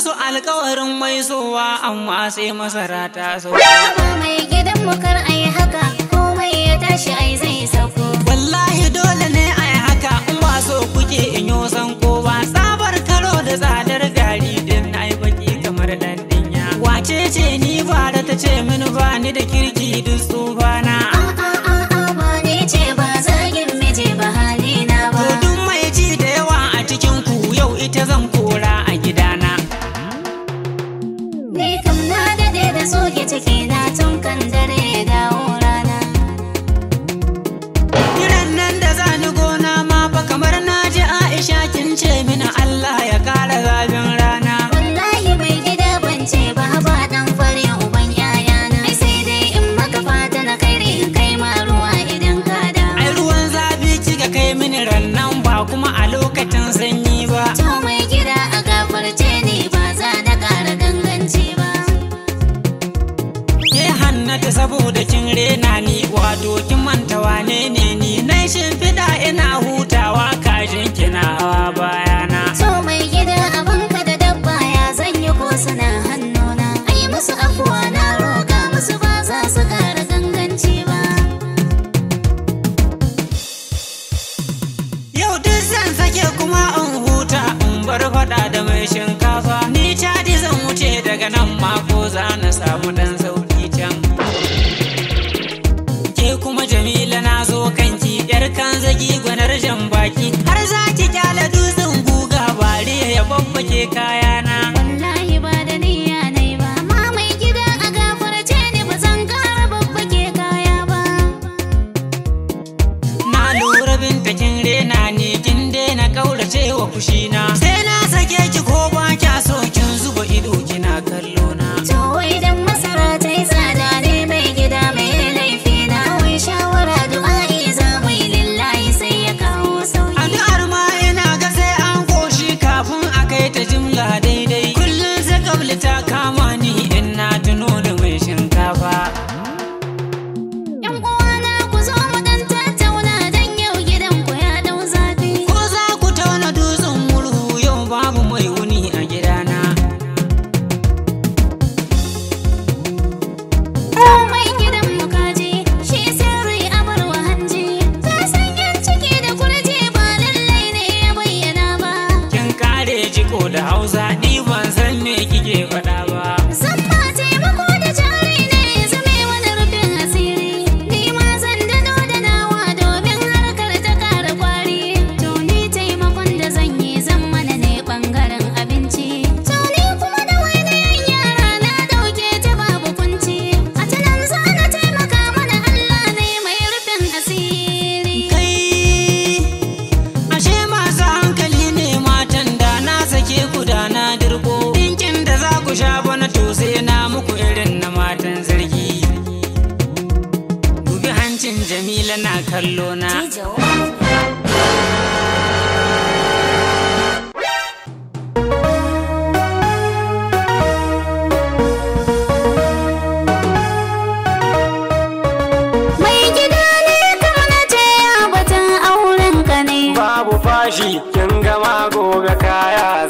musu alkawarin mai sowa amma sai masara ta so. mai gidan mu kar a haka komai ya tashi ai zai sako. Wallahi dole ne a yi haka in ba so kuke in yi sanko ba tsabar karo da tsadar gari din na baki kamar dan dinya. Wace ce ni ba da ta ce mini ba ni da kirki duk ba to mai gida a gafarce ni ba za ƙara ganganci ba ke hannata saboda kin rena ni wato kin manta wane ne ni na shimfiɗa ina hutawa kashin kina hawa na. To mai gida abinka da dabba ya zan yi ko suna hannuna ai musu afuwa na roƙa musu ba za su ƙara ganganci ba yau duk zan sake kuma bar faɗa da mai shinkafa ni caji zan wuce daga nan mako za na samu ɗan sauki can ke kuma jamila na zo kanki yar kan zagi gwanar jan baki har za ki kyala dutsen guga bare ya kaya na. wallahi ba da niyya nai ba amma mai gida a gafarce ni ba zan kara babbake kaya ba na lura binta kin rena ne kin daina ƙaurace wa fushina sai cin jamila na kallo na. Mai gida ne kamar ce a batun aurenka ne. Babu fashi kin gama goga kaya